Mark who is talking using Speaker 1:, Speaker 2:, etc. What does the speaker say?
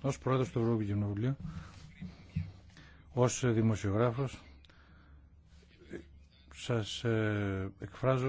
Speaker 1: ως πρόεδρος του Ευρώπη Κοινοβουλίου, ως δημοσιογράφος, σας ε, εκφράζω